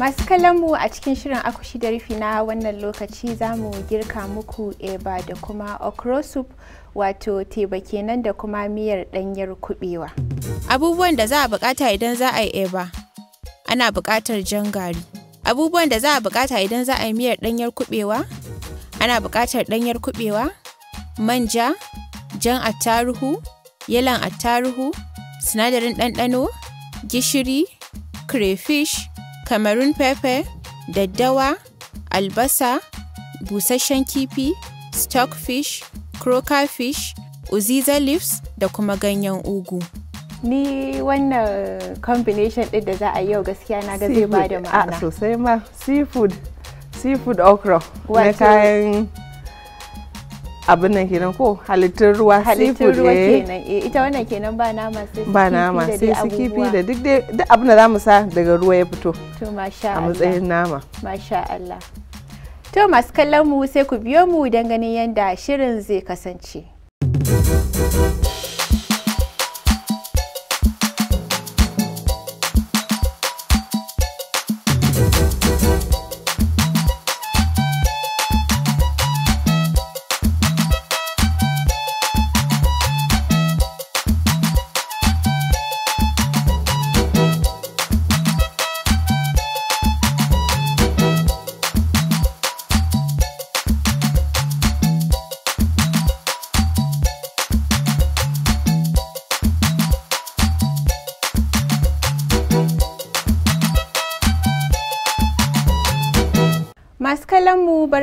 masu kallon mu a cikin shirin akushi da rufi na wannan lokaci za mu girka muku eba da kuma okro soup wato teba kenan da kuma miyar ɗanyar kuɓewa abubuwan da za a bukata idan za a yi eba ana bukatar jan gari abubuwan da za a bukata idan za a yi miyar ɗanyar kuɓewa ana bukatar ɗanyar kuɓewa manja jan attaruhu yalan attaruhu sinadarin ɗanɗano, gishiri, crayfish, cameroon pepper, daddawa, albasa, busasshen kifi, stockfish, crocafish uziza leaves da kuma ganyen ugu. ni wannan combination ɗin da za a yau gaskiya na ga zai ba da ma'ana. Ah, sosai ma seafood seafood okra na kayan abin nan kenan ko halittun ruwa halittun ruwa kenan eh, ita wannan kenan ba nama sai ba nama sai su kifi da duk dai duk abin da za mu sa daga ruwa ya fito to masha Allah a matsayin nama masha Allah to masu kallon mu sai ku biyo mu don ganin yadda shirin zai kasance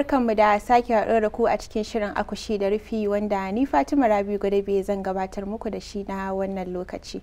barkanmu da sake haɗu da ku a cikin shirin akushi da rufi wanda ni Fatima Rabi bai zan gabatar muku da shi na wannan lokaci.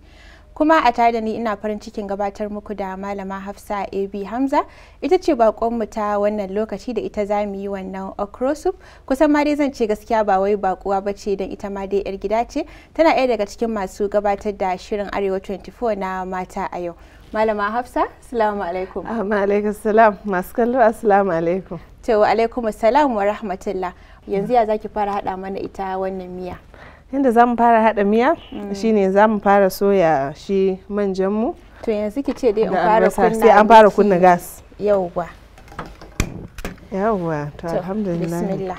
kuma a tare da ni ina farin cikin gabatar muku da malama Hafsa AB Hamza ita ce mu ta wannan lokaci da ita za mu yi wannan okrosup kusan ma dai zan ce gaskiya ba wai bakuwa ba ce don ita ma dai yar gida ce tana ɗaya daga cikin masu gabatar da shirin Arewa 24 na mata a yau Malama Hafsa, salamu alaikum. Amma ah, alaikum salam, masu kallo assalamu alaikum. To alaikum salam wa rahmatullah. Yanzu ya zaki fara hada mana ita wannan miya. yanda za mu fara haɗa miya mm. shine za mu fara soya shi manjanmu to yanzu ki ce dai an fara kunna gas yauwa yauwa to alhamdulillah bismillah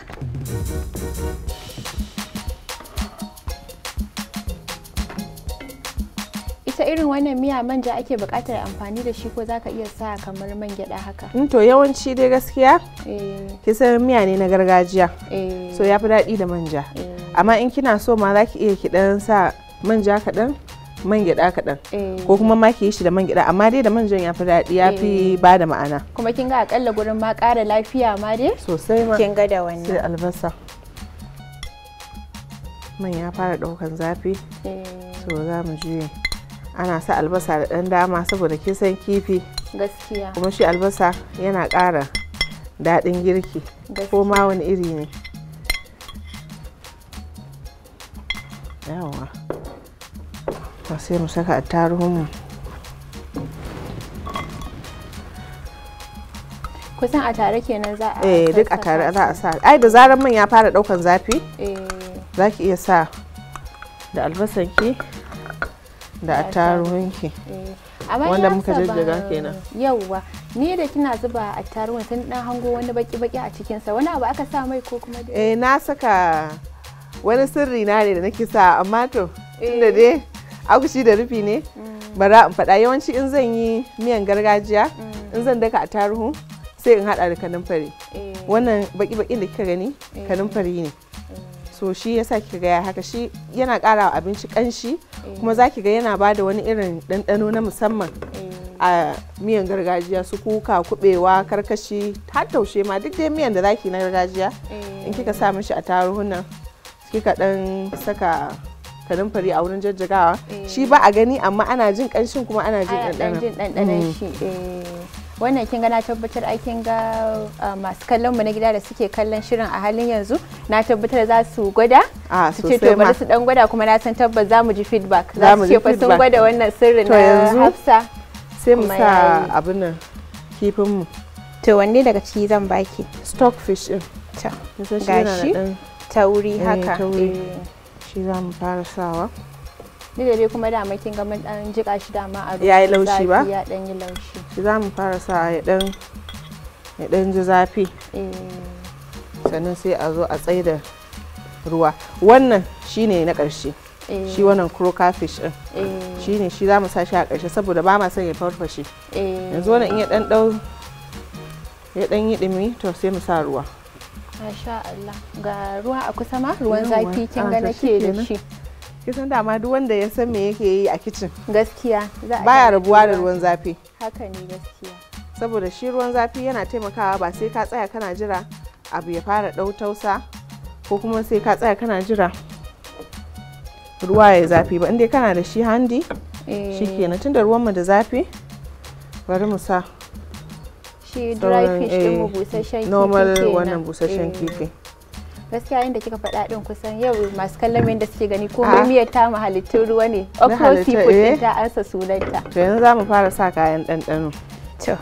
ita irin wannan miya manja ake buƙatar amfani da shi ko zaka iya sa kamar man gyaɗa haka in mm, to yawanci dai gaskiya eh. kisan miya ne na gargajiya eh. so yafi fi daɗi da manja eh. amma in kina so ma za ki iya ki dan sa manja kaɗan man gyaɗa kaɗan eh. ko kuma ma ki yi shi da man gyaɗa amma dai da manjan ya fi daɗi ya fi eh. ba da ma'ana kuma kin ga akalla gurin ma ƙara lafiya ma dai sosai ma kin ga da wannan sai albasa man ya fara ɗaukan zafi so eh. za mu juye ana sa albasa da ɗan dama saboda kin san kifi gaskiya kuma shi albasa yana ƙara daɗin girki ko ma wani iri ne yawa sai mu saka attaruhunmu kusan a tare kenan za a eh duk a tare za a sa ai da zarar man ya fara daukan zafi eh. za ki iya sa da albasanki da attaruhunki eh. wanda muka jajjaga kenan yauwa ni da kina zuba attaruhun sun dan hango wani baki baki a cikinsa, wani abu aka sa mai ko kuma eh na saka wani sirri na ne da nake sa amma to eh. tunda dai agushi da rufi ne mm. bara in faɗa yawanci in zan yi miyan gargajiya mm. in zan daka a taruhu sai in haɗa da fari eh. wannan baki-bakin da kika gani eh. fari ne so shi yasa kika ga haka shi yana ƙara wa abinci ƙanshi kuma za ki ga yana ba da wani irin ɗanɗano na musamman a miyan gargajiya su kuka kuɓewa, karkashi har taushe ma duk dai miyan da zaki na gargajiya in kika sa mishi a taruhun nan kika dan saka kanumfari a wurin jajjagawa eh. shi ba a gani amma ana jin kanshin kuma ana jin ɗanɗanon mm. shi eh. wannan kin ga na tabbatar a kin ga ah, masu kallon mu na gida da suke kallon shirin a halin yanzu na tabbatar za su gwada ah, su ce to bari su dan gwada kuma na san tabbas za mu ji feedback za su ce fa sun gwada wannan sirrin na Hafsa sai mu sa abin nan kifin mu to wanne daga ciki zan baki stockfish din ta gashi tauri eh, haka eh. shi za mu fara sawa ni da dai kuma mai kin ga mun dan jika shi ma a ruwa yayi laushi ba ya dan yi laushi shi za mu fara sawa ya dan ya dan ji zafi eh. sannan sai a zo a tsaida ruwa wannan shine na ƙarshe shi wannan croca fish din shi ne shi za mu sa shi a ƙarshe saboda ba ma son ya farfashe yanzu wannan in ya dan dau ya dan yi dumi to sai mu sa ruwa Masha Allah ma ruwan zafi kin ah, nake da shi. Kisan dama duk wanda ya san me yake yi a kicin. Gaskiya baya rabuwa da ruwan zafi. Haka ne gaskiya. Saboda shi ruwan zafi yana taimakawa ba sai ka tsaya kana jira abu ya fara ɗau tausa ko kuma sai ka tsaya kana jira ruwa ya zafi ba inda kana da shi handi eh. shi kenan tunda ruwanmu da zafi bari mu sa shi dry fish din mu eh, busasshen kifi normal wannan busasshen eh. kifi gaskiya inda kika faɗa din kusan yau masu kallon yadda suke gani ko komai ah. miyar ta mu halittun ruwa ne okra seafood eh. ta ansa sunanta to yanzu za mu fara sa kayan ɗanɗano to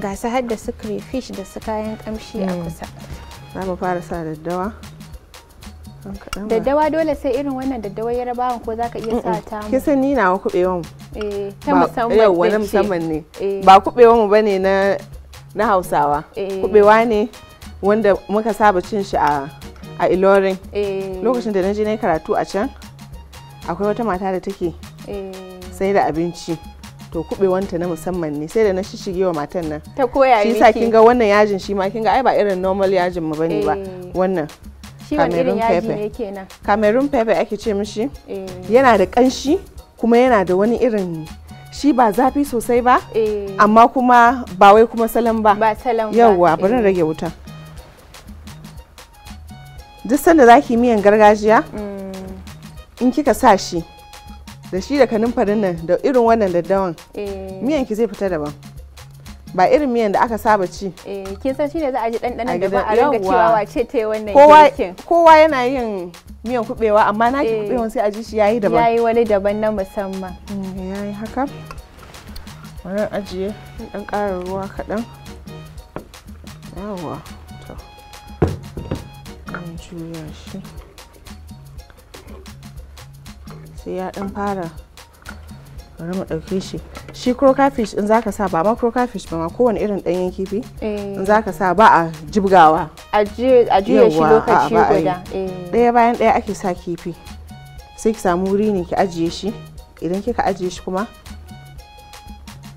ga su har da su crayfish da su kayan kamshi a hmm. kusa za mu fara sa daddawa daddawa dole sai irin wannan daddawa yarabawan ko zaka iya sa ta mu kisan ni nawa kubewan eh ta musamman yau wani musamman ne ba kubewan mu bane na na hausawa eh. kubewa ne wanda muka saba cin shi a ilorin eh. lokacin da na je na karatu a can akwai wata mata da take eh. sai da abinci to kubewanta na musamman ne sai da na shishige wa matan nan ta koya shi sa kin ga wannan yajin shi ma kin ga ai ba irin normal yajin mu bane ba wannan ne pepper Cameroon pepper ake ce mishi yana da kanshi kuma yana da wani irin shi ba zafi sosai ba eh. amma kuma ba wai kuma salon ba ba salon ba yawwa bari rage eh. wuta duk sanda zaki miyan gargajiya mm. in kika sa shi da shi da kanumfarin nan da irin wannan daddawan eh. miyan ki zai fita daban ba irin miyan da aka saba ci. kin san shine za a ji ɗanɗanon da ba a ringa cewa wace ta yi wannan girkin. Kowa yana yin miyan kubewa amma na ki kubewa eh. sai a ji shi yayi daban yayi wani daban na musamman mm, yayi haka wani ajiye dan ƙara ruwa kaɗan yawa to juya shi sai ya dan fara bari mu ɗauke shi shi crocafish in zaka sa ba ma crocafish ba ma kowane irin ɗanyen kifi in eh. zaka sa ba a jibgawa a juya shi lokaci guda eh. ɗaya bayan ɗaya ake sa kifi sai ki samu wuri ne ki ajiye shi idan kika ajiye shi kuma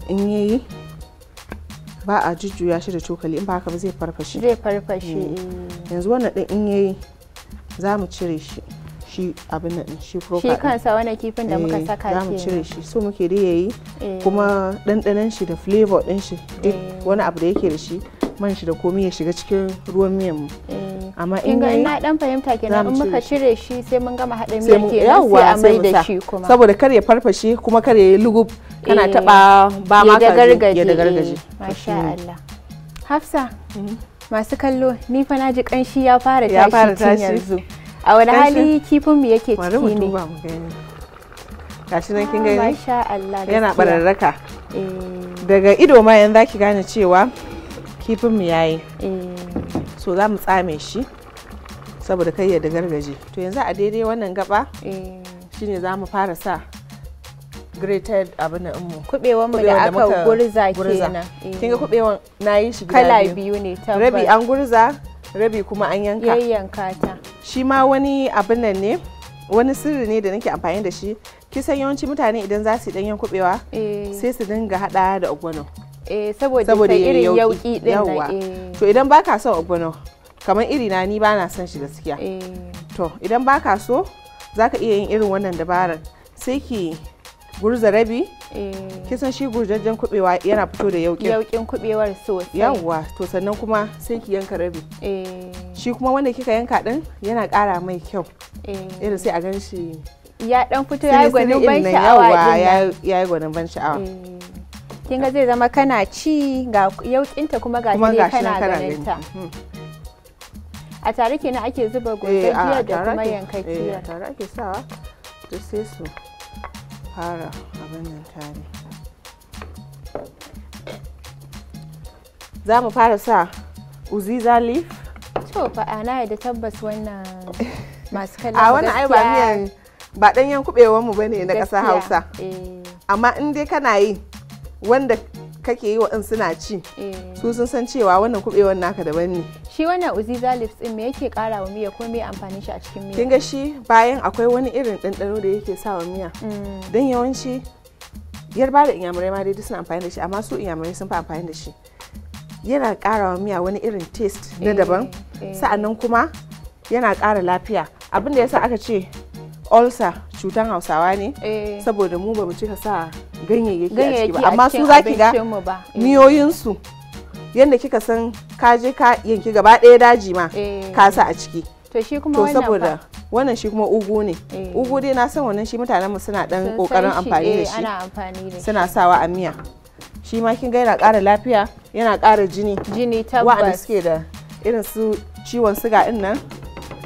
in yayi ba a jujjuya shi da cokali in ba haka ba zai farfashe zai farfashe hmm. eh. yanzu wannan din in yayi za mu cire shi shi abin nan shi proka shi kansa wannan kifin da muka eh, saka ke za mu cire shi so muke da yayi kuma dandanan shi da flavor din shi duk wani abu da yake da shi man shi da komai ya shiga cikin ruwan miyan mu mm. amma in ga ina dan fahimta kenan in muka cire shi sai mun gama hada miya kenan sai a mai da shi kuma saboda kar ya farfashe kuma kar ya yi lugub kana eh, taba ba ma ka ya da gargaje masha mm. Allah Hafsa mm-hmm. masu kallo ni fa naji kanshi ya fara tashi yanzu a wani hali kifin mu yake ciki ne gashi nan kin ah, gani yana bararraka eh. daga ido ma yanzu zaki gane cewa kifin mu yayi eh. so za mu tsame shi saboda kai ya gargaje to yanzu a daidai wannan gaba eh. shine za mu fara sa grated abin mu kubewan mu da aka gurza kenan kin ga eh. kubewan nayi shi kala biyu ne tabbas rabi an gurza rabi kuma an yanka yayyanka ta shi ma wani abin nan ne wani sirri ne da nake amfani da shi kisan yawanci mutane idan za su yi danyen kubewa sai su dinga hada da ogbono Eh, saboda irin yauki din nan eh. to idan baka son ogbono kamar iri na ni bana son shi gaskiya eh. to idan baka so zaka iya yin irin wannan dabarar sai ki gurza rabi ki kisan shi gurjajjen kubewa yana fito da yaukin yaukin kubewar sosai yawwa to sannan kuma sai ki yanka rabi shi kuma wanda kika yanka din yana kara mai kyau irin sai a gan shi ya dan fito ya yi gwanin ban sha'awa ya yi gwanin ban sha'awa kin ga zai zama kana ci ga yaukinta kuma ga ne kana ganin ta hmm. a tare kenan ake zuba eh, gurgurjiya da kuma yankakiya. Eh, a tare ake sawa to sai su fara abin nan tare za mu fara sa uziza leaf to fa ana da tabbas wannan masu kallon a wannan ai ba miyan ba danyen kubewan mu bane na ƙasar Hausa eh. amma in dai kana yi wanda kake yi wa in suna ci eh. su sun san cewa wannan kubewan naka daban ne shi wannan uziza lips din me yake kara wa miya ko me amfani shi a cikin miya kinga shi bayan akwai wani irin ɗanɗano da yake sa wa miya mm. dan yawanci yarba da inyamurai ma dai suna amfani da shi amma su inyamurai sun fi amfani da shi yana kara wa miya wani irin taste na eh, daban eh. sa'annan kuma yana kara lafiya abinda yasa aka ce ulcer cutan hausawa ne saboda mu bamu cika sa ganyayyaki a ciki ba amma su za ki ga eh. miyoyinsu yadda kika san kaje ka yanki gaba ɗaya daji ma eh. ka sa a ciki to shi kuma wannan saboda wannan shi kuma ugu ne eh. ugu dai na san wannan shi mutanen mu suna dan kokarin amfani da shi suna sawa a miya shi ma kin ga yana ƙara lafiya yana ƙara jini jini tabbas wa'anda suke da irin su ciwon suga din nan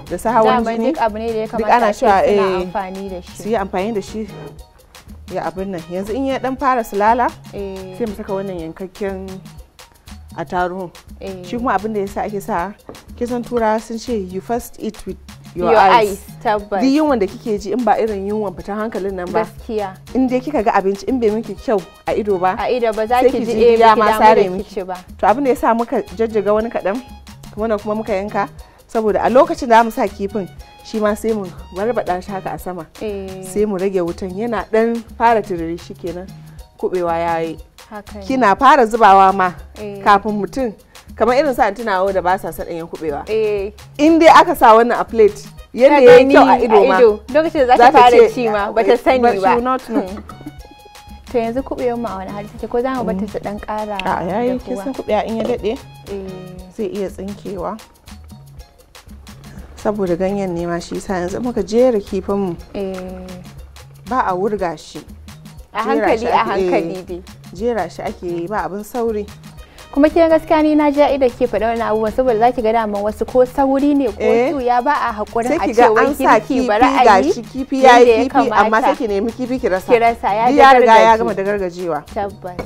da su hawan jini duk abu ne da ya kamata duk ana cewa eh su yi amfani da shi ya abin nan yanzu in ya dan fara sulala eh. sai mu saka wannan yankakken a taro eh. shi kuma abin da yasa ake sa kisan tura sun ce you first eat with your, your eyes tabbas duk yunwan da kike ji in ba irin yunwan fitan hankalin nan ba gaskiya in dai kika ga abinci in bai miki kyau a ido ba a ido ba za ki ji eh ba ma sare miki ba to abin da yasa muka jajjaga wani kadan wannan kuma muka yanka saboda a lokacin da mu sa kifin shi ma sai mu barbaɗa shi haka a sama eh. sai mu rage wutan yana ɗan fara tururi shi kenan kuɓewa ya yi kina fara zubawa ma eh. kafin mutum kamar irin sa tunawo da ba sa son ɗanyen kuɓewa eh. in dai aka sa wannan a plate yadda ya yi kyau a ido ma lokacin da za ta fara ci ma ba ta sani ba to yanzu kuɓewar mu a wani hali take ko za mu bata mm. ta ɗan ƙara a yayi kin san kuɓewa in ya daɗe zai iya tsinkewa saboda ganyen ne ma shi sa yanzu muka jera kifin mu eh. ba a wurga shi a hankali a hankali eh, dai jera shi ake yi ba abin sauri kuma kin gaskiya ni na ji da ke faɗa wannan abubuwan saboda zaki ga daman wasu ko sauri ne ko su eh. ya ba a hakurin a ce wai kirki ba ra'ayi shi kifi ya yi kifi amma sai ki nemi kifi ki rasa ki rasa ya ga riga ya gama da gargajewa tabbas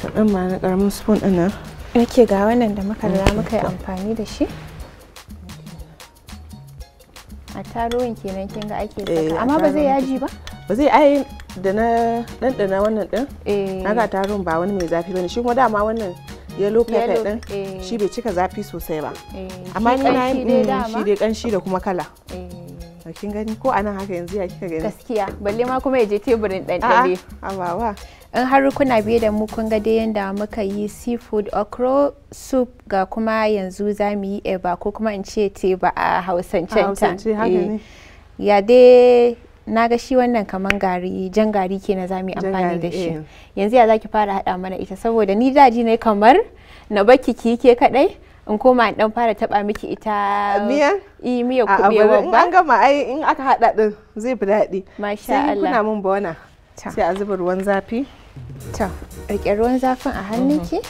to din ma na karamin spoon ɗin nan yake ga wannan da muka riga mm. muka yi amfani da shi a taruwan kenan kin ga ake saka eh, amma ba zai yaji ba ba zai ai da na dandana wannan din eh. na ga taruwan ba wani mai zafi bane shi kuma dama wannan yellow pepper din eh. shi bai cika zafi sosai ba amma ni na yi mm, shi dai kanshi da kuma kala eh to kin gani ko anan haka yanzu ya kika gani gaskiya balle ma kuma ya je teburin dare a in har kuna biye da mu kun ga dai yadda muka yi seafood okro soup ga kuma yanzu za mu yi eba ko kuma in ce te ba a hausancen ta eh. ya dai na ga shi wannan kaman gari jan gari ke na zami amfani da shi eh. yanzu ya zaki fara hada mana ita saboda ni daji ne kamar na baki ki ke kadai in koma in dan fara taba miki ita miya i miya kubewa ba an gama ai in aka hada din zai fi daɗi masha Allah sai kuna mun bona sai a zuba ruwan zafi ta rike ruwan zafin a hannunki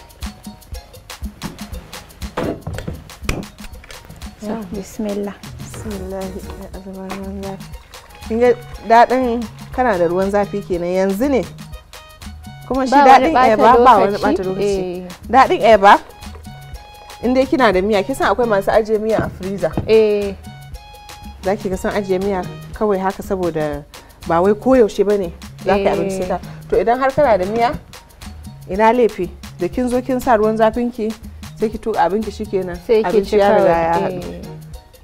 mhm. bismillah bismillah a zuba ruwan zafi kin ga daɗin kana da ruwan zafi kenan yanzu ne kuma shi daɗin ayaba ba wani ɓata lokaci eh. daɗin ayaba in dai kina da miya kisan akwai masu ajiye miya a freezer eh za ki ga san ajiye miya kawai haka saboda ba wai koyaushe ba ne za ka yi abinci ta eh. to idan har kana da miya ina laifi da kin zo kin sa ruwan zafin ki sai ki tuka abinki shikenan abinci ya riga ya hadu. Eh.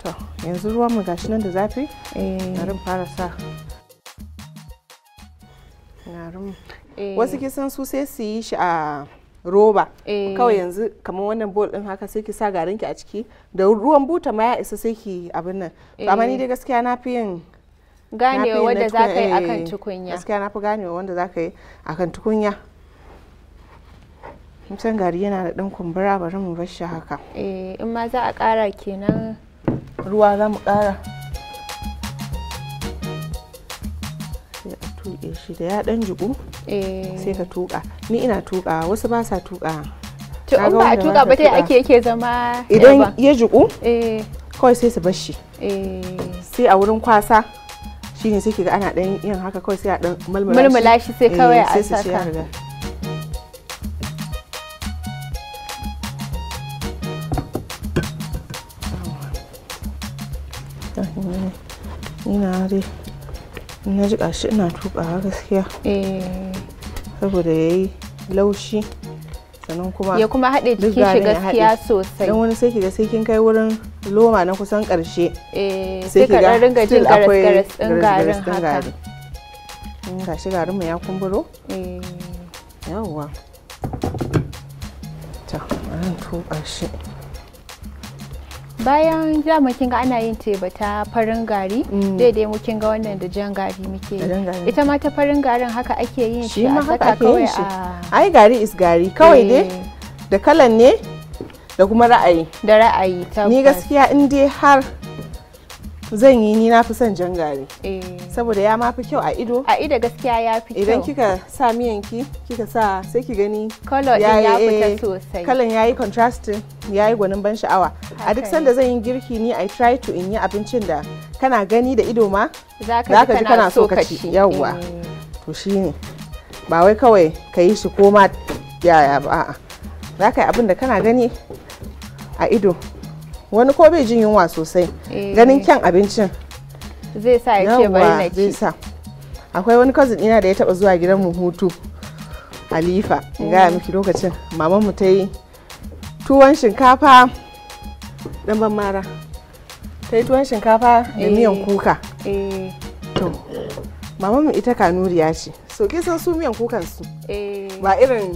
to yanzu ruwan mu gashi nan da zafi garin eh. fara sa garin wasu kisan su sai su yi shi a roba eh. kawai yanzu kamar wannan bowl din haka sai ki sa garin ki a ciki da ruwan buta ma ya isa sai ki abin nan amma ni eh. dai gaskiya na fi yin ganewa wanda za ka yi akan eh, tukunya gaskiya na fi ganewa wanda za ka yi akan tukunya mutum gari yana da ɗan kumbura bari mu bar shi haka eh in ma za a ƙara kenan ruwa za mu ƙara shi da ya dan jiku eh. sai ka tuka ni ina tuka wasu ba sa tuka to in ba a tuka ba ta ake yake zama idan ya jiku eh. kawai sai su bar shi eh. sai a wurin kwasa shine sai kiga ana dan yin haka kawai sai a dan mulmula shi sai kawai a saka ina dai na ji shi ina tukawa gaskiya eh. saboda ya yi laushi sannan kuma ya kuma haɗe jikin shi gaskiya sosai don wani sai da sai kin kai wurin loma na kusan ƙarshe eh, sai kiga sai ringa jin garas ɗin garin haka mm, ga shi garin mu ya kumburo eh. yawwa ta an tuka shi bayan dama kin ga ana yin teba ta farin gari mm. daidai mu kin ga wannan da jan gari muke ita ma ta farin garin haka ake yin shi a saka kawai a ai gari is gari kawai dai eh. da kalan ne da kuma ra'ayi da ra'ayi ta ni gaskiya in dai har zan yi ni na fi son jan gari eh. saboda ya mafi kyau a ido a ido gaskiya ya fi kyau idan kika sa miyan ki kika sa sai ki gani color ya fita eh, sosai kalan yi contrasting yayi gwanin ban sha'awa a duk sanda zan yi girki ni i try to in yi abincin da kana gani da ido ma za ka ji kana so ka ci yawwa eh. to ne. ba wai kawai ka yi shi koma yaya ba za ka yi abin da kana gani a ido wani ko bai jin yunwa sosai eh. ganin kyan abincin zai sa ya ce bari na ci akwai wani cousin ina da ya taba zuwa gidan mu hutu alifa in gaya mm. miki lokacin maman mu ta yi tuwon shinkafa dan ban mara ta yi tuwon shinkafa da eh. miyan kuka eh. to maman mu ita kanuriya ce so kin san su miyan kukan su ba irin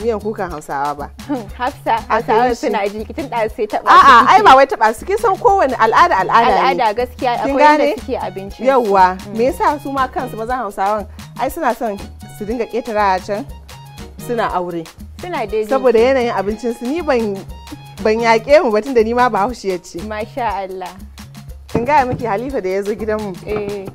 miyan kukan hausawa ba. Hafsa, hausawa suna ji kitin da sai taɓa su. A'a, ai ba wai taɓa su kin san kowane al'ada al'ada ne. Al'ada gaskiya akwai yadda suke abinci. Yawwa, mm. me yasa su ma kansu mazan hausawan ai suna son su dinga ƙetara can suna aure. Suna daidai. Saboda yanayin abincin su ni ban ban yaƙe mu batun da ni ma ba haushi ya ce. Masha Allah. Kin gaya miki Halifa da ya zo gidanmu. Eh.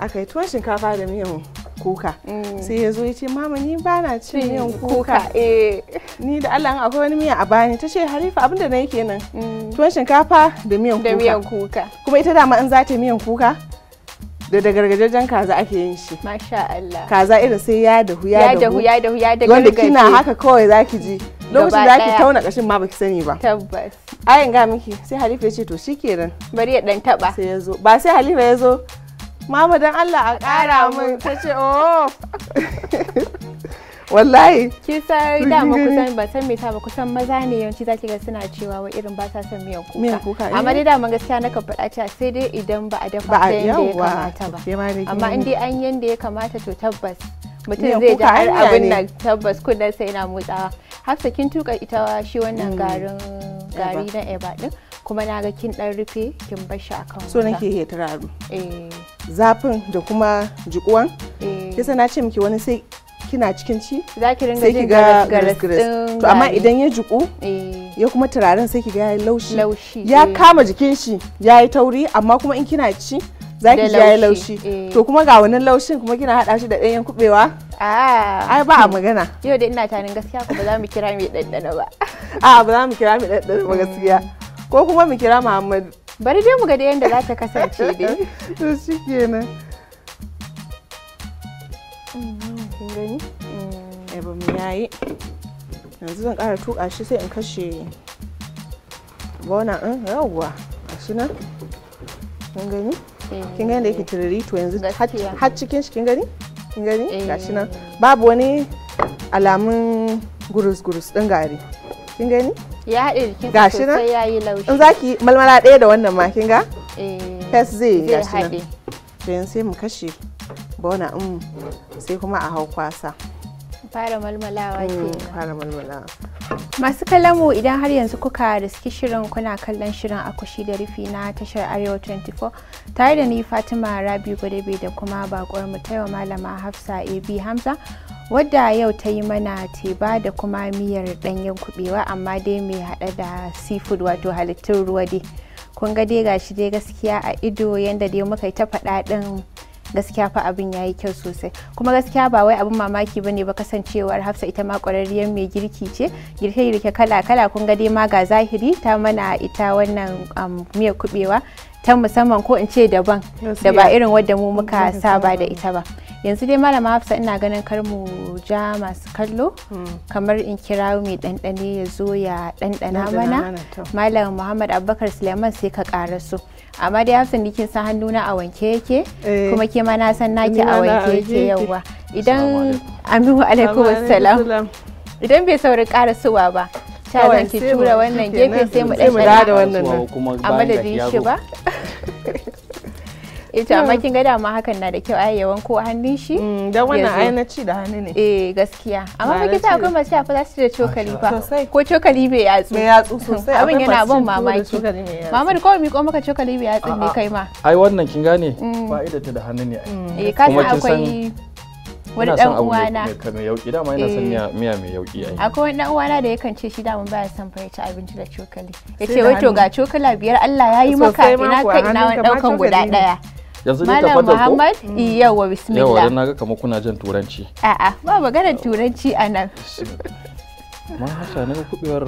Aka yi tuwon shinkafa da miyan kuka mm. sai ya zo ya ce mama ni ba na cin miyan kuka eh. ni da Allah akwai wani miya a bani ta ce harifa abinda na yake nan mm. tuwon shinkafa da miyan kuka kuma ita dama in za ta miyan kuka da da gargajajen kaza ake yin shi. Masha Allah. Kaza irin sai ya dahu ya dahu. Ya dahu ya dahu Wanda kina haka kawai zaki ji. Lokacin da ake tauna kashin ma baki sani ba. Tabbas. Ayin ga miki sai Halifa ya ce to shikenan. Bari ya dan taba. Sai ya zo. Ba sai Halifa ya zo mama don Allah a ƙara mun ta ce oh wallahi ki sai dama kusan ba san me ta ba kusan maza ne yawanci zaki ga suna cewa wa irin ba sa son miyan kuka miyan kuka amma dai eh. dama gaskiya na ka faɗa ta sai dai idan ba a dafa ba yanda ya kamata ba amma in dai an yanda ya kamata to tabbas mutum zai ji har abin nan tabbas kudin sai yana motsawa hafsa kin tuka ita shi wannan mm. garin gari na eba din kuma na ga kin dan rufe kin bar shi akan so nake hetararu eh zafin da kuma jikuwan kisa eh. na ce miki wani sai kina cikin ci za ki ringa jin garas to amma idan ya jiku. Eh. ya kuma turaren sai ki ga ya laushi ya eh. kama jikin shi ya yi tauri amma kuma in kina ci za ki ji ya yi laushi to kuma ga wani laushin kuma kina hada shi da ɗanyen kubewa ah. ai ba a magana yau da ina tanin gaskiya ko ba za mu kira mai ɗanɗana ba a ba za mu kira mai ɗanɗana ba gaskiya mm. ko kuma mu kira Muhammadu bari dai mu ga yadda za ta kasance dai to shi kenan kin gani mm. ba mu yayi yanzu zan ƙara tuƙa shi sai in kashe bona in yawwa shi na? kin gani eh. kin gani da yake tururi to yanzu har cikin shi kin gani kin gani eh. gashi nan babu wani alamun gurus gurus din gari kin gani ya haɗe jikin sa sosai ya yi laushi in za ki malmala ɗaya da wannan ma kin ga eh, fes zai gashi nan to yanzu sai mu kashe bona in sai kuma a hau kwasa fara malmalawa hmm, ke fara malmalawa masu kalamu idan har yanzu kuka riski shirin kuna kallon shirin akushi da rufi na tashar arewa 24 tare da ni fatima rabi gwadabe da kuma bakwar mu taiwa malama hafsa ab hamza wadda yau ta yi mana teba da kuma miyar ɗanyen kubewa amma dai mai haɗa da seafood wato halittun ruwa dai kun ga dai gashi dai gaskiya a ido yadda dai muka yi ta faɗa ɗin gaskiya fa abin ya yi kyau sosai kuma gaskiya ba wai abin mamaki ba ne ba kasancewar Hafsa ita ma ƙwararriyar mai girki ce girke girke kala kala kun ga dai ma ga zahiri ta mana ita wannan miyar kubewa ta musamman ko in ce daban da ba irin wadda mu muka saba da ita ba yanzu dai malama hafsa ina ganin kar mu ja masu kallo hmm. kamar in kira mai ɗanɗane ya zo ya ɗanɗana mana malam muhammad abubakar suleiman sai ka ƙara su amma dai hafsa nikin sa san hannuna a wanke yake eh. kuma ke ma na san naki a wanke yake yauwa idan aminu alaikum assalam idan bai sauri ƙarasuwa ba sha zan ki tura wannan gefe sai mu ɗan ɗan a madadin shi ba ita eh amma kin ga dama hakan na da kyau ai yawan ko hannun shi mm, dan wannan ai na ci da hannu ne eh gaskiya amma fa kita akwai masu yafa za su da cokali ba ko cokali bai yatsu bai yatsu sosai abin yana ban mamaki mamar ko mi ko maka cokali bai yatsu ne kai ma ai wannan kin gane fa'idar mm. ta da hannu ne mm. eh ka san akwai wani dan uwana mai yauki dama yana son miya mai yauki ai akwai wani dan uwana da yakan ce shi dama baya son fara ci abinci da cokali yace wai to ga cokala biyar Allah yayi maka ina kai ina wani daukan guda daya yanzu ta ka ko Muhammad mm. yawa bismillah yawa na ga kamar kuna jin turanci a'a ba maganar turanci a nan ma hasa ne kubewar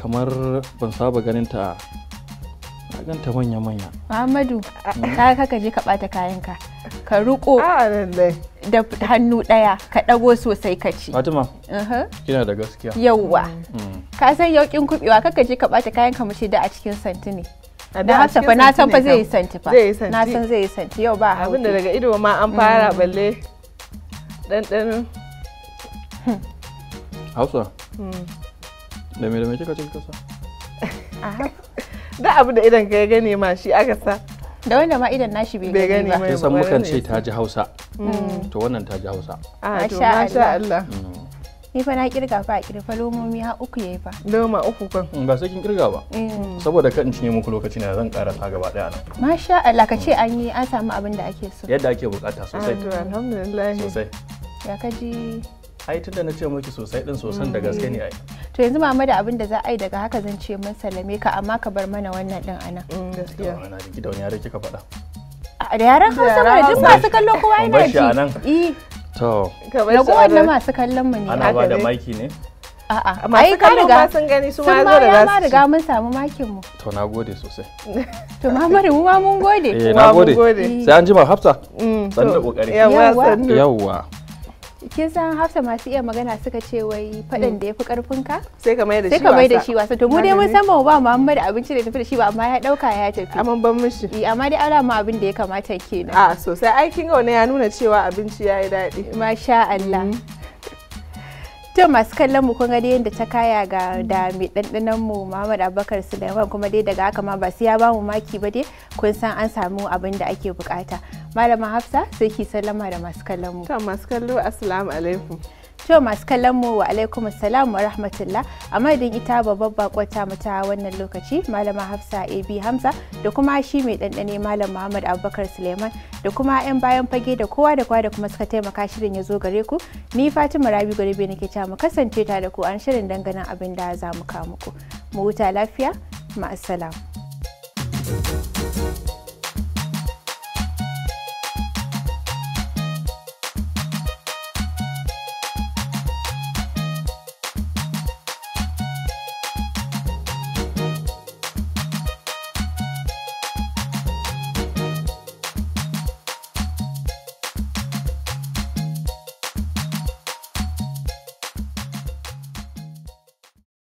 kamar ban saba ganin ta na ganta manya manya Muhammadu mm. ka kaka je ka bata kayanka ka ruko da hannu daya ka dago sosai ka ci Fatima kina da gaskiya yawa mm. ka san yaukin kubewa kaka je ka bata kayanka mu ce da a cikin santini da haka fa na san fa zai yi santi fa na san zai yi santi yau ba hauki abinda daga ido ma an fara mm. balle ɗanɗanin hmm. hmm. da me da me kika ce kika sa da abu da idan ka ma shi aka sa da wanda ma idan nashi bai gani ba mukan ce ta ji hausa hmm. to wannan ta ji hausa ah, masha Allah ni fa na kirga fa kirfa lomomi ha uku yayi fa loma uku kan hmm, ba sai kin kirga ba eh. saboda kan cinye muku lokaci ne zan ta gaba daya nan masha Allah ka ce an yi an samu abin da ake so yadda ake bukata sosai alhamdulillah sosai ya kaji ai tunda na ce miki sosai din sosan da gaske ne ai hmm. to yanzu mama da abin da za a yi daga haka zan ce mun sallame ka amma ka bar mana wannan din ana hmm, gaskiya ana da gidan yare kika faɗa da yaran Hausa da duk masu kallo kowa yana ji To. Ragowar na masu kallon mu ne. Ana ba da maki ne? A'a. Masu kallon ma sun gani su ma zo da za su riga mun samu makin mu. To na gode sosai. To ma mari mu ma mun gode. Eh na gode. Eh. Sai an jima Hafsa. Mm, sannu kokari. Yawwa. Yawwa. kin san hafsa masu iya magana suka ce wai faɗin mm. da ya fi ƙarfin ka sai ka maida da shi wasa sai ka shi wasa to mu dai mun san ba Muhammad abinci da tafi da shi ba amma ya dauka ya tafi amma ban mishi eh amma dai alama ma abin da ya kamata kenan a ah, sosai aikin ga ya nuna cewa abinci yayi daɗi masha Allah mm. To masu kallon mu kun ga yadda ta kaya ga da mai ɗanɗanon mu Muhammad Abubakar Sulaiman kuma dai daga haka ma ba su ya ba mu maki ba dai kun san an samu abin da ake bukata. Malama Hafsa sai ki sallama da masu kallon mu. To masu kallo assalamu alaikum. To masu kallon mu wa alaikum assalam wa rahmatullah a madadin ita babbar bakwata mata wannan lokaci malama Hafsa AB Hamza da kuma shi mai dandane malam Muhammad Abubakar Suleiman da kuma yan bayan fage da kowa da kowa da kuma suka taimaka shirin ya zo gare ku ni Fatima Rabi Garibe nake ta mu kasance ta da ku an shirin danganan abin da za mu kawo muku mu huta lafiya ma'assalam. thank you